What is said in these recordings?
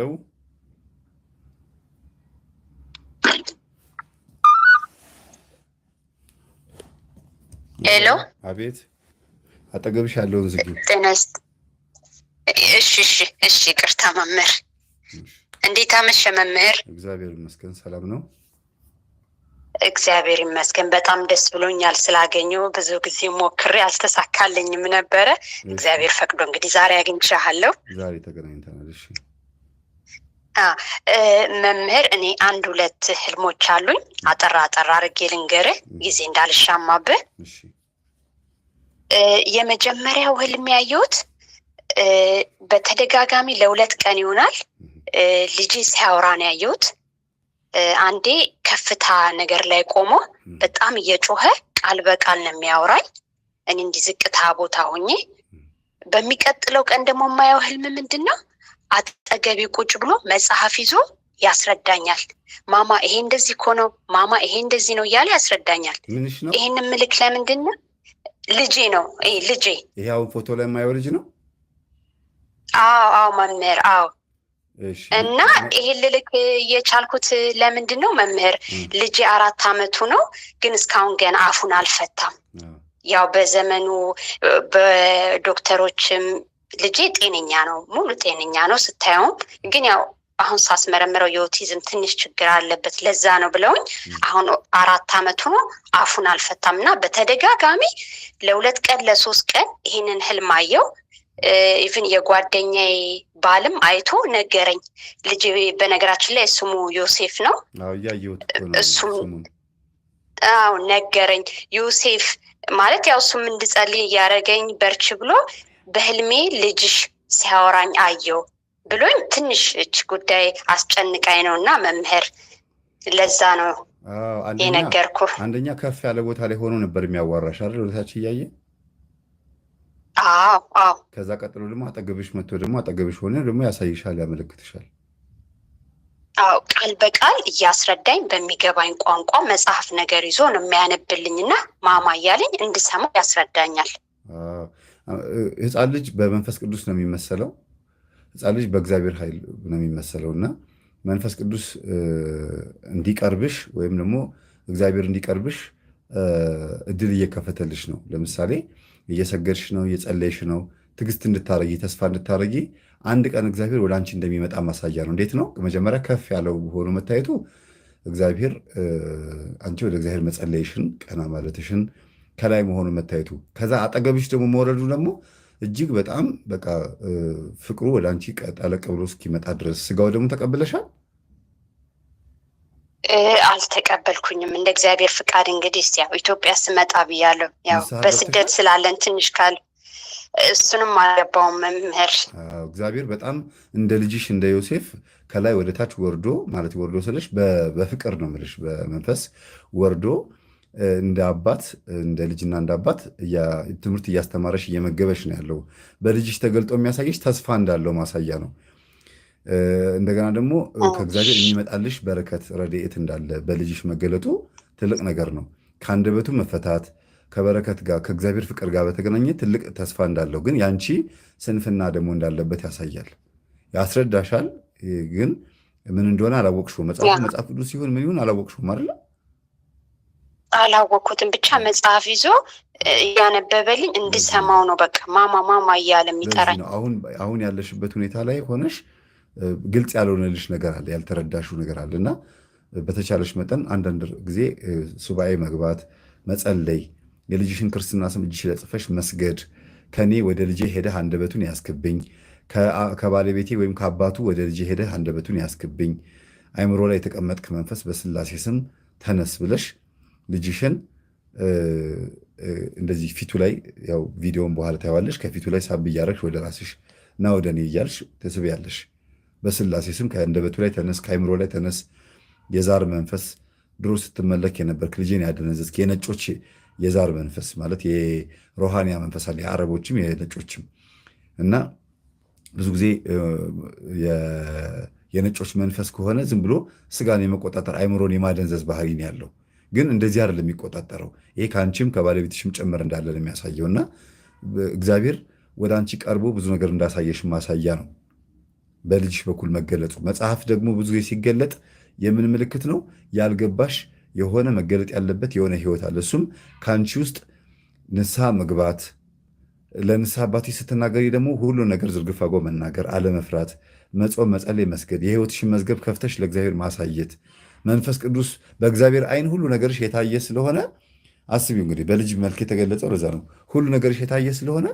ያለው ሄሎ። አቤት። አጠገብሽ ያለውን ዝግ። እሺ፣ እሺ፣ እሺ። ቅርታ መምህር፣ እንዴት አመሸ መምህር? እግዚአብሔር ይመስገን ሰላም ነው። እግዚአብሔር ይመስገን። በጣም ደስ ብሎኛል ስላገኘው። ብዙ ጊዜ ሞክሬ አልተሳካልኝም ነበረ። እግዚአብሔር ፈቅዶ እንግዲህ ዛሬ አግኝቻለሁ። ዛሬ ተገናኝተናል። እሺ መምህር እኔ አንድ ሁለት ህልሞች አሉኝ። አጠራ አጠራ አድርጌ ልንገርህ ጊዜ እንዳልሻማብህ። የመጀመሪያው ህልም ያየሁት በተደጋጋሚ ለሁለት ቀን ይሆናል ልጅ ሲያወራ ነው ያየሁት። አንዴ ከፍታ ነገር ላይ ቆሞ በጣም እየጮኸ ቃል በቃል ነው የሚያወራኝ። እኔ እንዲህ ዝቅታ ቦታ ሆኜ በሚቀጥለው ቀን ደግሞ የማየው ህልም ምንድን ነው አጠገቢ ቁጭ ብሎ መጽሐፍ ይዞ ያስረዳኛል። ማማ ይሄ እንደዚህ እኮ ነው፣ ማማ ይሄ እንደዚህ ነው እያለ ያስረዳኛል። ይህን ምልክ ለምንድን ነው? ልጄ ነው ልጄ። ይሄ ፎቶ ላይ የማየው ልጅ ነው። አዎ አዎ፣ መምህር አዎ። እና ይሄን ልልክ የቻልኩት ለምንድን ነው መምህር? ልጄ አራት አመቱ ነው፣ ግን እስካሁን ገና አፉን አልፈታም። ያው በዘመኑ በዶክተሮችም ልጄ ጤነኛ ነው፣ ሙሉ ጤነኛ ነው ስታየውም፣ ግን ያው አሁን ሳስመረምረው የኦቲዝም ትንሽ ችግር አለበት ለዛ ነው ብለውኝ፣ አሁን አራት አመት ሆኖ አፉን አልፈታም እና በተደጋጋሚ ለሁለት ቀን ለሶስት ቀን ይህንን ህልም አየው። ኢቭን የጓደኛዬ ባልም አይቶ ነገረኝ። ልጅ በነገራችን ላይ ስሙ ዮሴፍ ነው። እሱም አዎ ነገረኝ ዮሴፍ ማለት ያው እሱም እንድጸልይ እያደረገኝ በርች ብሎ በህልሜ ልጅሽ ሲያወራኝ አየው ብሎኝ ትንሽ እች ጉዳይ አስጨንቃኝ ነው እና መምህር ለዛ ነው የነገርኩ። አንደኛ ከፍ ያለ ቦታ ላይ ሆኖ ነበር የሚያዋራሽ አይደል? ወደታች እያየ አዎ፣ አዎ። ከዛ ቀጥሎ ደግሞ አጠገብሽ መጥቶ ደግሞ አጠገብሽ ሆነ ደግሞ ያሳይሻል፣ ያመለክትሻል። አዎ፣ ቃል በቃል እያስረዳኝ በሚገባኝ ቋንቋ መጽሐፍ ነገር ይዞ ነው የሚያነብልኝ እና ማማ እያለኝ እንድሰማ ያስረዳኛል። ህፃን ልጅ በመንፈስ ቅዱስ ነው የሚመሰለው። ህፃን ልጅ በእግዚአብሔር ኃይል ነው የሚመሰለው እና መንፈስ ቅዱስ እንዲቀርብሽ ወይም ደግሞ እግዚአብሔር እንዲቀርብሽ እድል እየከፈተልሽ ነው። ለምሳሌ እየሰገድሽ ነው፣ እየጸለይሽ ነው። ትግስት እንድታረጊ ተስፋ እንድታረጊ አንድ ቀን እግዚአብሔር ወደ አንቺ እንደሚመጣ ማሳያ ነው። እንዴት ነው? መጀመሪያ ከፍ ያለው ሆኖ መታየቱ እግዚአብሔር አንቺ ወደ እግዚአብሔር መጸለይሽን ቀና ማለትሽን ከላይ መሆኑ መታየቱ ከዛ አጠገብሽ ደግሞ መውረዱ ደግሞ እጅግ በጣም በቃ ፍቅሩ ወደ አንቺ ጠለቅ ብሎ እስኪመጣ ድረስ ስጋው ደግሞ ተቀብለሻል? አልተቀበልኩኝም። እንደ እግዚአብሔር ፍቃድ እንግዲህ ያው ኢትዮጵያ ስመጣ ብያለሁ። ያው በስደት ስላለን ትንሽ ካል እሱንም አልገባውም መምህር። እግዚአብሔር በጣም እንደ ልጅሽ እንደ ዮሴፍ ከላይ ወደ ታች ወርዶ ማለት ወርዶ ስለሽ በፍቅር ነው የምልሽ በመንፈስ ወርዶ እንደ አባት እንደ ልጅና እንደ አባት ትምህርት እያስተማረሽ እየመገበሽ ነው ያለው። በልጅሽ ተገልጦ የሚያሳየሽ ተስፋ እንዳለው ማሳያ ነው። እንደገና ደግሞ ከእግዚአብሔር የሚመጣልሽ በረከት፣ ረድኤት እንዳለ በልጅሽ መገለጡ ትልቅ ነገር ነው። ከአንደበቱ መፈታት ከበረከት ጋር ከእግዚአብሔር ፍቅር ጋር በተገናኘ ትልቅ ተስፋ እንዳለው ግን ያንቺ ስንፍና ደግሞ እንዳለበት ያሳያል። ያስረዳሻል፣ ግን ምን እንደሆነ አላወቅሽው። መጽሐፉ መጽሐፍ ቅዱስ ሲሆን ምን ይሁን አላወቅሽውም አይደለም አላወቅኩትም ብቻ መጽሐፍ ይዞ እያነበበልኝ እንድሰማው ነው። በቃ ማማ ማማ እያለ የሚጠራኝ አሁን ያለሽበት ሁኔታ ላይ ሆነሽ ግልጽ ያልሆነልሽ ነገር አለ፣ ያልተረዳሽው ነገር አለ እና በተቻለሽ መጠን አንዳንድ ጊዜ ሱባኤ መግባት፣ መጸለይ፣ የልጅሽን ክርስትና ስም እጅሽ ለጽፈሽ መስገድ፣ ከኔ ወደ ልጄ ሄደህ አንደበቱን ያስክብኝ፣ ከባለቤቴ ወይም ከአባቱ ወደ ልጄ ሄደህ አንደበቱን ያስክብኝ፣ አይምሮ ላይ የተቀመጥክ መንፈስ በስላሴ ስም ተነስ ብለሽ ልጅሽን እንደዚህ ፊቱ ላይ ያው ቪዲዮን በኋላ ታይዋለሽ። ከፊቱ ላይ ሳብ እያረግሽ ወደ ራስሽ እና ወደ እኔ እያልሽ ትስቢያለሽ። በስላሴ ስም ከአንደበቱ ላይ ተነስ፣ ከአይምሮ ላይ ተነስ። የዛር መንፈስ ድሮ ስትመለክ የነበርክ ልጄን ያደነዘዝክ የነጮች የዛር መንፈስ ማለት የሮሃንያ መንፈስ አለ፣ የአረቦችም የነጮችም እና ብዙ ጊዜ የነጮች መንፈስ ከሆነ ዝም ብሎ ስጋን የመቆጣጠር አይምሮን የማደንዘዝ ባህሪን ያለው። ግን እንደዚህ አይደለም የሚቆጣጠረው። ይሄ ከአንቺም ከባለቤትሽም ጭምር እንዳለ ነው የሚያሳየው እና እግዚአብሔር ወደ አንቺ ቀርቦ ብዙ ነገር እንዳሳየሽ ማሳያ ነው በልጅሽ በኩል መገለጹ። መጽሐፍ ደግሞ ብዙ ጊዜ ሲገለጥ የምን ምልክት ነው? ያልገባሽ የሆነ መገለጥ ያለበት የሆነ ህይወት አለ። እሱም ከአንቺ ውስጥ ንስሐ መግባት ለንስሐ አባቴ ስትናገሪ ደግሞ ሁሉ ነገር ዝርግፍ አድርጎ መናገር፣ አለመፍራት፣ መጾም፣ መጸለይ፣ መስገድ የህይወትሽን መዝገብ ከፍተሽ ለእግዚአብሔር ማሳየት መንፈስ ቅዱስ በእግዚአብሔር አይን ሁሉ ነገርሽ የታየ ስለሆነ አስቢው እንግዲህ በልጅ መልክ የተገለጸው ለዛ ነው። ሁሉ ነገርሽ የታየ ስለሆነ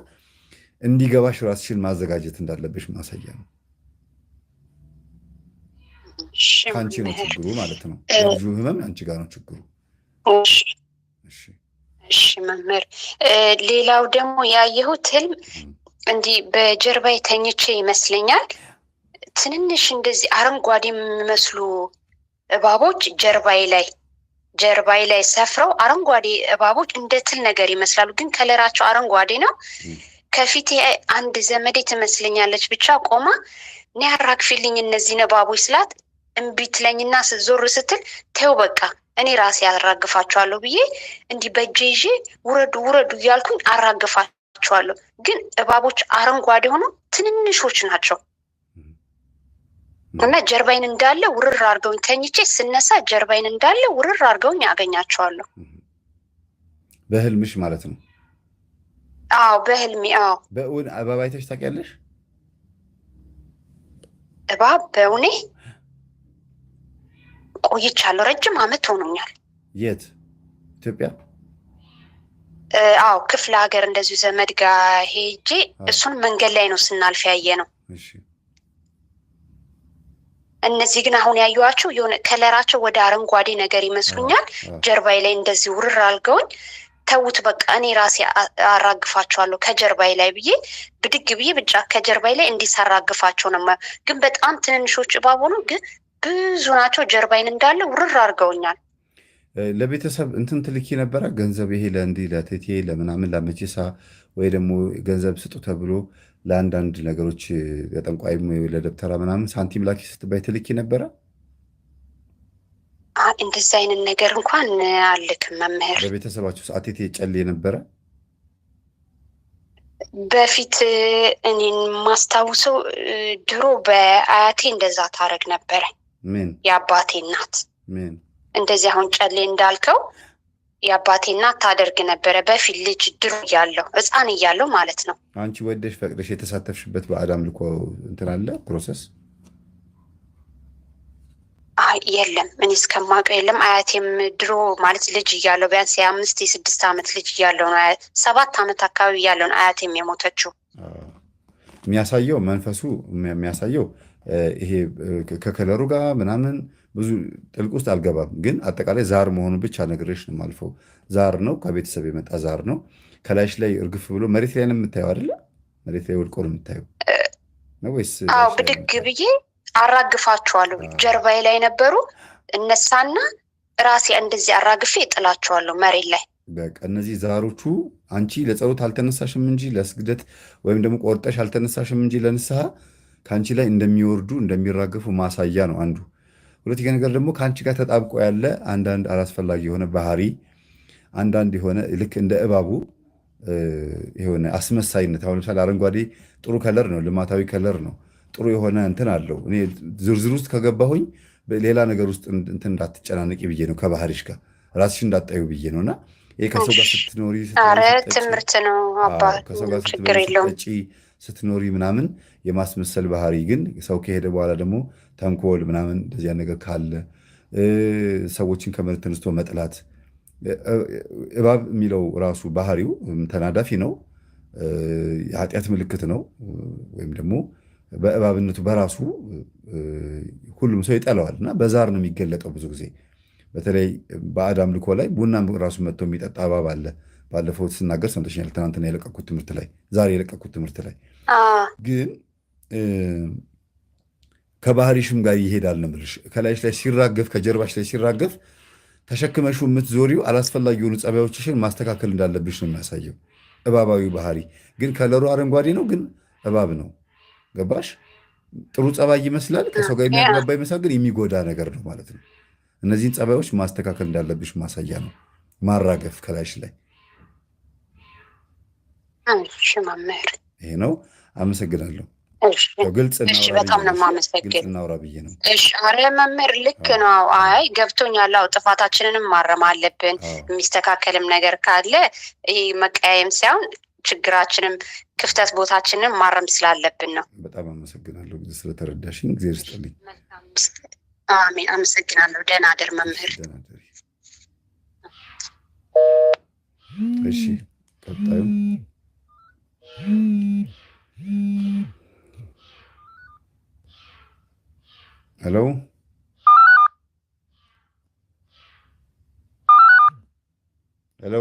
እንዲገባሽ ራስሽን ማዘጋጀት እንዳለብሽ ማሳያ ነው። ከአንቺ ነው ችግሩ ማለት ነው። ልጁ ህመም አንቺ ጋር ነው ችግሩ። እሺ መምህር፣ ሌላው ደግሞ ያየሁት ህልም እንዲህ በጀርባ የተኝቼ ይመስለኛል። ትንንሽ እንደዚህ አረንጓዴ የሚመስሉ እባቦች ጀርባዬ ላይ ጀርባዬ ላይ ሰፍረው አረንጓዴ እባቦች እንደ ትል ነገር ይመስላሉ፣ ግን ከለራቸው አረንጓዴ ነው። ከፊቴ አንድ ዘመዴ ትመስለኛለች ብቻ ቆማ እኔ አራግፊልኝ እነዚህን እባቦች ስላት እምቢ ስዞር ዞር ስትል ተው በቃ እኔ ራሴ ያራግፋቸዋለሁ ብዬ እንዲህ በእጄ ይዤ ውረዱ ውረዱ እያልኩኝ አራግፋቸዋለሁ። ግን እባቦች አረንጓዴ ሆኖ ትንንሾች ናቸው። እና ጀርባይን እንዳለ ውርር አድርገውኝ ተኝቼ ስነሳ ጀርባይን እንዳለ ውርር አድርገውኝ ያገኛቸዋለሁ። በህልምሽ ማለት ነው? አዎ በህልሜ። አዎ በእውን እባብ አይተሽ ታውቂያለሽ? እባብ በእውኔ ቆይቻለሁ። ረጅም አመት ሆኖኛል። የት? ኢትዮጵያ? አዎ ክፍለ ሀገር እንደዚሁ ዘመድ ጋር ሄጄ እሱን መንገድ ላይ ነው ስናልፍ ያየ ነው። እሺ እነዚህ ግን አሁን ያዩዋቸው የሆነ ከለራቸው ወደ አረንጓዴ ነገር ይመስሉኛል። ጀርባዬ ላይ እንደዚህ ውርር አልገውኝ ተዉት በቃ እኔ ራሴ አራግፋቸዋለሁ ከጀርባዬ ላይ ብዬ ብድግ ብዬ ብጫ ከጀርባዬ ላይ እንዲህ ነው። ግን በጣም ትንንሾች እባብ ግን ብዙ ናቸው። ጀርባዬን እንዳለ ውርር አድርገውኛል። ለቤተሰብ እንትን ትልኪ ነበረ ገንዘብ ይሄ ለእንዲህ ለቴቴ ለምናምን ለመቼሳ ወይ ደግሞ ገንዘብ ስጡ ተብሎ ለአንዳንድ ነገሮች ለጠንቋይም ለደብተራ ምናምን ሳንቲም ላኪ ስትባይ ትልኪ ነበረ። እንደዚ አይነት ነገር እንኳን አልክም መምህር። በቤተሰባችሁ አቴቴ ጨሌ ነበረ በፊት እኔን ማስታውሰው ድሮ በአያቴ እንደዛ ታረግ ነበረ። ምን የአባቴ እናት እንደዚህ አሁን ጨሌ እንዳልከው የአባቴ እናት ታደርግ ነበረ በፊት ልጅ ድሮ እያለሁ ህፃን እያለሁ ማለት ነው። አንቺ ወደሽ ፈቅደሽ የተሳተፍሽበት በአል አምልኮ እንትን አለ ፕሮሰስ የለም። እኔ እስከማውቀው የለም። አያቴም ድሮ ማለት ልጅ እያለሁ ቢያንስ የአምስት የስድስት ዓመት ልጅ እያለሁ ነው ሰባት ዓመት አካባቢ እያለሁ ነው አያቴም የሞተችው። የሚያሳየው መንፈሱ የሚያሳየው ይሄ ከከለሩ ጋር ምናምን ብዙ ጥልቅ ውስጥ አልገባም፣ ግን አጠቃላይ ዛር መሆኑ ብቻ ነግሬሽ ነው የማልፈው። ዛር ነው፣ ከቤተሰብ የመጣ ዛር ነው። ከላይሽ ላይ እርግፍ ብሎ መሬት ላይ ነው የምታየው አይደለ? መሬት ላይ ወድቆ ነው የምታየው ወይስ? አዎ፣ ብድግ ብዬ አራግፋቸዋለሁ። ጀርባዬ ላይ ነበሩ፣ እነሳና ራሴ እንደዚህ አራግፌ እጥላቸዋለሁ መሬት ላይ። በቃ እነዚህ ዛሮቹ አንቺ ለጸሎት አልተነሳሽም እንጂ ለስግደት ወይም ደግሞ ቆርጠሽ አልተነሳሽም እንጂ ለንስሐ ከአንቺ ላይ እንደሚወርዱ እንደሚራገፉ ማሳያ ነው አንዱ ሁለተኛ ነገር ደግሞ ከአንቺ ጋር ተጣብቆ ያለ አንዳንድ አላስፈላጊ የሆነ ባህሪ፣ አንዳንድ የሆነ ልክ እንደ እባቡ የሆነ አስመሳይነት። አሁን ለምሳሌ አረንጓዴ ጥሩ ከለር ነው፣ ልማታዊ ከለር ነው፣ ጥሩ የሆነ እንትን አለው። እኔ ዝርዝር ውስጥ ከገባሁኝ ሌላ ነገር ውስጥ እንትን እንዳትጨናነቂ ብዬ ነው፣ ከባህሪሽ ጋር ራስሽ እንዳጣዩ ብዬ ነው እና ይሄ ከሰው ጋር ስትኖሪ ትምህርት ነው ከሰው ጋር ስትኖሪ ምናምን የማስመሰል ባህሪ ግን ሰው ከሄደ በኋላ ደግሞ ተንኮል ምናምን እንደዚያ ነገር ካለ ሰዎችን ከመሬት ተነስቶ መጥላት እባብ የሚለው ራሱ ባህሪው ተናዳፊ ነው። የኃጢአት ምልክት ነው። ወይም ደግሞ በእባብነቱ በራሱ ሁሉም ሰው ይጠለዋል እና በዛር ነው የሚገለጠው ብዙ ጊዜ በተለይ በአድ አምልኮ ላይ ቡና ራሱ መጥቶ የሚጠጣ እባብ አለ። ባለፈው ስናገር ሰምተሽኛል። ትናንትና የለቀኩት ትምህርት ላይ ዛሬ የለቀኩት ትምህርት ላይ ግን ከባህሪሽም ጋር ይሄዳል ነው የምልሽ። ከላይሽ ላይ ሲራገፍ፣ ከጀርባሽ ላይ ሲራገፍ ተሸክመሹ የምትዞሪው አላስፈላጊ የሆኑ ጸባዮችሽን ማስተካከል እንዳለብሽ ነው የሚያሳየው። እባባዊ ባህሪ ግን ከለሩ አረንጓዴ ነው፣ ግን እባብ ነው። ገባሽ? ጥሩ ጸባይ ይመስላል፣ ከሰው ጋር የሚያግባባ ይመስላል፣ ግን የሚጎዳ ነገር ነው ማለት ነው። እነዚህን ጸባዮች ማስተካከል እንዳለብሽ ማሳያ ነው። ማራገፍ ከላይሽ ላይ ይሄ ነው። አመሰግናለሁ። ግልጽ እናውራ ብዬ ነው። አረ መምህር ልክ ነው። አይ ገብቶኛል። አዎ ጥፋታችንንም ማረም አለብን። የሚስተካከልም ነገር ካለ ይህ መቀያየም ሳይሆን ችግራችንም ክፍተት ቦታችንን ማረም ስላለብን ነው። በጣም አመሰግናለሁ ስለተረዳሽኝ። እግዚአብሔር ይስጥልኝ። አሜን። አመሰግናለሁ። ደህና አደር መምህር። እሺ ቀጣዩ ሄሎ ሄሎ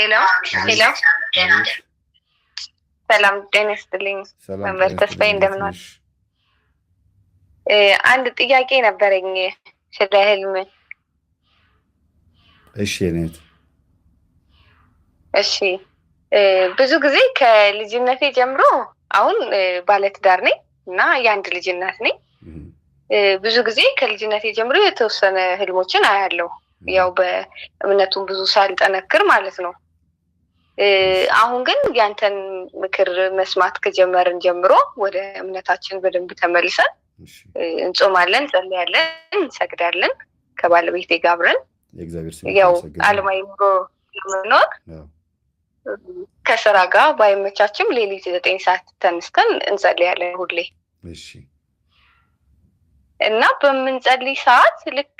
ሄሎ ሄሎ ሰላም ጤና ይስጥልኝ መምህር ተስፋዬ እንደምን ዋል አንድ ጥያቄ ነበረኝ ስለ ህልም። እሺ ነት እሺ። ብዙ ጊዜ ከልጅነቴ ጀምሮ አሁን ባለትዳር ነኝ እና የአንድ ልጅ እናት ነኝ። ብዙ ጊዜ ከልጅነቴ ጀምሮ የተወሰነ ህልሞችን አያለው፣ ያው በእምነቱን ብዙ ሳልጠነክር ማለት ነው። አሁን ግን ያንተን ምክር መስማት ከጀመርን ጀምሮ ወደ እምነታችን በደንብ ተመልሰን እንጾማለን፣ ጸልያለን፣ እንሰግዳለን ከባለቤቴ ጋር አብረን ያው አለማዊ ኑሮ የምንኖር ከስራ ጋር ባይመቻችም ሌሊት ዘጠኝ ሰዓት ተነስተን እንጸልያለን ሁሌ እና በምንጸልይ ሰዓት ልክ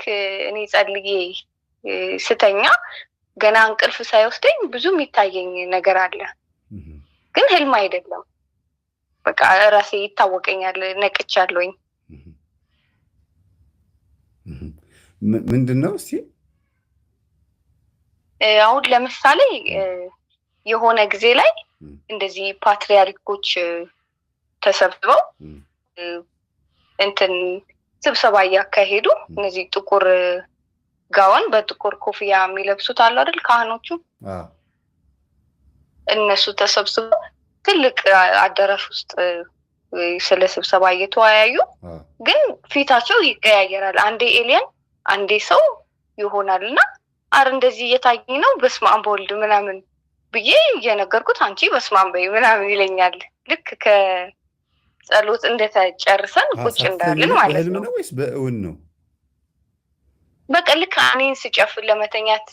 እኔ ጸልዬ ስተኛ ገና እንቅልፍ ሳይወስደኝ ብዙ የሚታየኝ ነገር አለ፣ ግን ህልም አይደለም። በቃ ራሴ ይታወቀኛል፣ ነቅቻለሁኝ። ምንድን ነው እስቲ አሁን ለምሳሌ የሆነ ጊዜ ላይ እንደዚህ ፓትሪያርኮች ተሰብስበው እንትን ስብሰባ እያካሄዱ እነዚህ ጥቁር ጋዋን በጥቁር ኮፍያ የሚለብሱት አሉ አይደል? ካህኖቹ እነሱ ተሰብስበው ትልቅ አዳራሽ ውስጥ ስለ ስብሰባ እየተወያዩ ግን ፊታቸው ይቀያየራል። አንዴ ኤሊያን አንዴ ሰው ይሆናል እና አር እንደዚህ እየታየኝ ነው በስማም በወልድ ምናምን ብዬ እየነገርኩት አንቺ በስማም በይ ምናምን ይለኛል። ልክ ከጸሎት እንደተጨርሰን ቁጭ እንዳለን ማለት ነው። ወይስ በእውን ነው? በቃ ልክ እኔን ስጨፍን ለመተኛት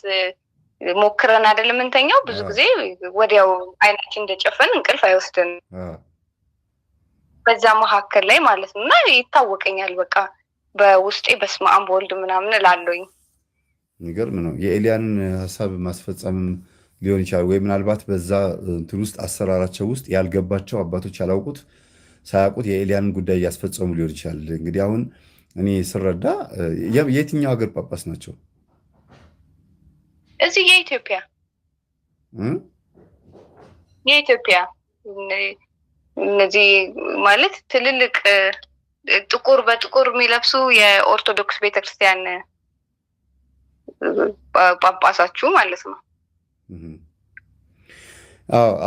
ሞክረን አይደል የምንተኛው። ብዙ ጊዜ ወዲያው አይናችን እንደጨፈን እንቅልፍ አይወስድን። በዛ መካከል ላይ ማለት ነው እና ይታወቀኛል በቃ በውስጤ በስመ አብ ወልድ ምናምን እላለሁኝ። ይገርም ነው። የኤልያን ሀሳብ ማስፈጸምም ሊሆን ይችላል ወይ ምናልባት በዛ እንትን ውስጥ አሰራራቸው ውስጥ ያልገባቸው አባቶች ያላውቁት ሳያውቁት የኤልያንን ጉዳይ እያስፈጸሙ ሊሆን ይችላል። እንግዲህ አሁን እኔ ስረዳ የትኛው ሀገር ጳጳስ ናቸው? እዚህ የኢትዮጵያ የኢትዮጵያ እነዚህ ማለት ትልልቅ ጥቁር በጥቁር የሚለብሱ የኦርቶዶክስ ቤተክርስቲያን ጳጳሳችሁ ማለት ነው።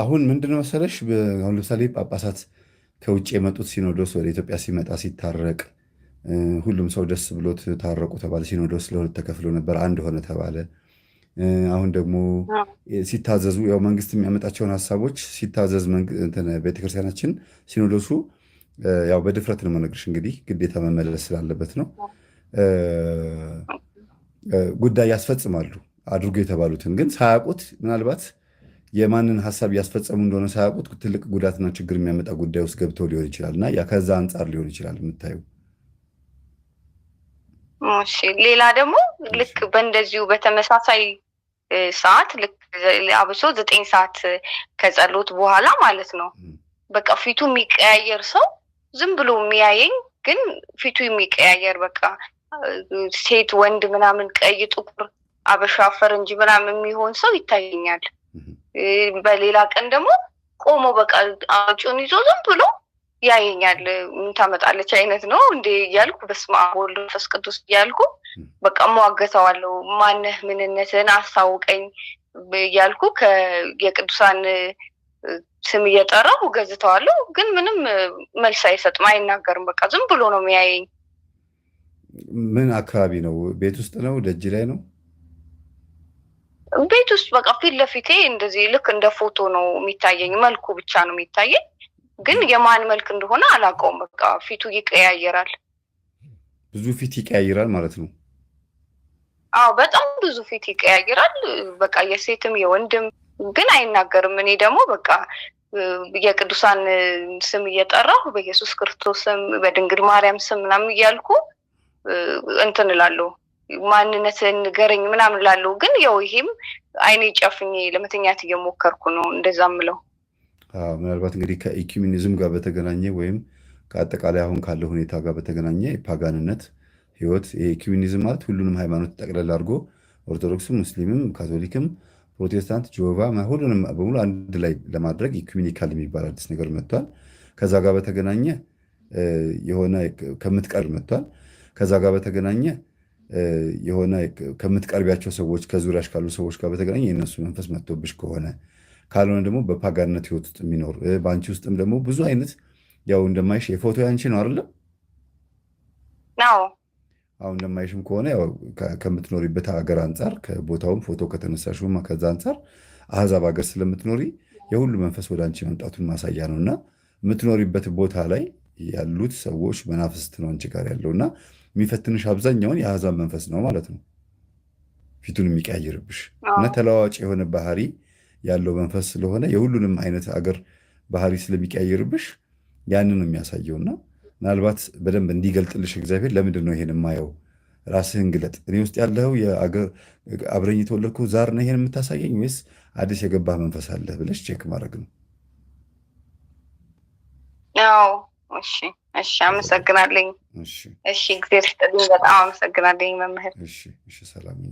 አሁን ምንድን መሰለሽ፣ አሁን ለምሳሌ ጳጳሳት ከውጭ የመጡት ሲኖዶስ ወደ ኢትዮጵያ ሲመጣ ሲታረቅ ሁሉም ሰው ደስ ብሎት ታረቁ ተባለ። ሲኖዶስ ለሁለት ተከፍሎ ነበር፣ አንድ ሆነ ተባለ። አሁን ደግሞ ሲታዘዙ ያው መንግስት የሚያመጣቸውን ሀሳቦች ሲታዘዝ ቤተክርስቲያናችን ሲኖዶሱ ያው በድፍረት ነው መነግርሽ። እንግዲህ ግዴታ መመለስ ስላለበት ነው። ጉዳይ ያስፈጽማሉ አድርጎ የተባሉትን ግን ሳያውቁት ምናልባት የማንን ሀሳብ እያስፈጸሙ እንደሆነ ሳያውቁት ትልቅ ጉዳትና ችግር የሚያመጣ ጉዳይ ውስጥ ገብተው ሊሆን ይችላል እና ያ ከዛ አንጻር ሊሆን ይችላል የምታየው። ሌላ ደግሞ ልክ በእንደዚሁ በተመሳሳይ ሰዓት ልክ አብሶ ዘጠኝ ሰዓት ከጸሎት በኋላ ማለት ነው በቃ ፊቱ የሚቀያየር ሰው ዝም ብሎ የሚያየኝ ግን ፊቱ የሚቀያየር በቃ ሴት ወንድ ምናምን ቀይ ጥቁር አበሻ ፈረንጅ ምናምን የሚሆን ሰው ይታየኛል። በሌላ ቀን ደግሞ ቆሞ በቃ አጩን ይዞ ዝም ብሎ ያየኛል። ምን ታመጣለች አይነት ነው እንዴ እያልኩ በስመ አብ ወወልድ ወመንፈስ ቅዱስ እያልኩ በቃ እሟገተዋለሁ። ማነህ ምንነትን አስታውቀኝ እያልኩ የቅዱሳን ስም እየጠራሁ ገዝተዋለሁ፣ ግን ምንም መልስ አይሰጥም፣ አይናገርም። በቃ ዝም ብሎ ነው የሚያየኝ። ምን አካባቢ ነው? ቤት ውስጥ ነው? ደጅ ላይ ነው? ቤት ውስጥ በቃ ፊት ለፊቴ እንደዚህ ልክ እንደ ፎቶ ነው የሚታየኝ። መልኩ ብቻ ነው የሚታየኝ፣ ግን የማን መልክ እንደሆነ አላውቀውም። በቃ ፊቱ ይቀያየራል። ብዙ ፊት ይቀያየራል ማለት ነው? አዎ፣ በጣም ብዙ ፊት ይቀያይራል። በቃ የሴትም የወንድም ግን አይናገርም። እኔ ደግሞ በቃ የቅዱሳን ስም እየጠራሁ በኢየሱስ ክርስቶስ ስም በድንግድ ማርያም ስም ምናምን እያልኩ እንትን እላለሁ ማንነትን ንገረኝ ምናምን ላለው ግን ያው ይሄም አይኔ ጨፍኜ ለመተኛት እየሞከርኩ ነው። እንደዛ ምለው ምናልባት እንግዲህ ከኢኩሚኒዝም ጋር በተገናኘ ወይም ከአጠቃላይ አሁን ካለ ሁኔታ ጋር በተገናኘ የፓጋንነት ህይወት ኢኩሚኒዝም ማለት ሁሉንም ሃይማኖት ጠቅለል አድርጎ ኦርቶዶክስም፣ ሙስሊምም፣ ካቶሊክም ፕሮቴስታንት፣ ጆቫ ሁሉንም በሙሉ አንድ ላይ ለማድረግ ኢኩሜኒካል የሚባል አዲስ ነገር መጥቷል። ከዛ ጋር በተገናኘ የሆነ ከምትቀርብ መጥቷል። ከዛ ጋር በተገናኘ የሆነ ከምትቀርቢያቸው ሰዎች ከዙሪያሽ ካሉ ሰዎች ጋር በተገናኘ የነሱ መንፈስ መጥቶብሽ ከሆነ ካልሆነ ደግሞ በፓጋንነት ህይወት ውስጥ የሚኖር በአንቺ ውስጥም ደግሞ ብዙ አይነት ያው እንደማይሽ የፎቶ ያንቺ ነው አይደለም አሁን ለማይሽም ከሆነ ከምትኖሪበት ሀገር አንጻር ከቦታውም ፎቶ ከተነሳሽውም ከዛ አንጻር አህዛብ ሀገር ስለምትኖሪ የሁሉ መንፈስ ወደ አንቺ መምጣቱን ማሳያ ነው እና የምትኖሪበት ቦታ ላይ ያሉት ሰዎች መናፍስት ነው አንቺ ጋር ያለው እና የሚፈትንሽ አብዛኛውን የአህዛብ መንፈስ ነው ማለት ነው። ፊቱን የሚቀያይርብሽ እና ተለዋዋጭ የሆነ ባህሪ ያለው መንፈስ ስለሆነ የሁሉንም አይነት አገር ባህሪ ስለሚቀያይርብሽ ያንን ነው የሚያሳየውና ምናልባት በደንብ እንዲገልጥልሽ እግዚአብሔር ለምንድን ነው ይሄን የማየው? ራስህን ግለጥ። እኔ ውስጥ ያለው አብረኝ የተወለድኩ ዛር ነው ይሄን የምታሳየኝ ወይስ አዲስ የገባ መንፈስ አለ ብለሽ ቼክ ማድረግ ነው። እሺ፣ እሺ፣ አመሰግናለኝ። እሺ፣ እሺ፣ ጊዜ ስጠልኝ። በጣም አመሰግናለኝ መምህር። እሺ፣ እሺ፣ ሰላም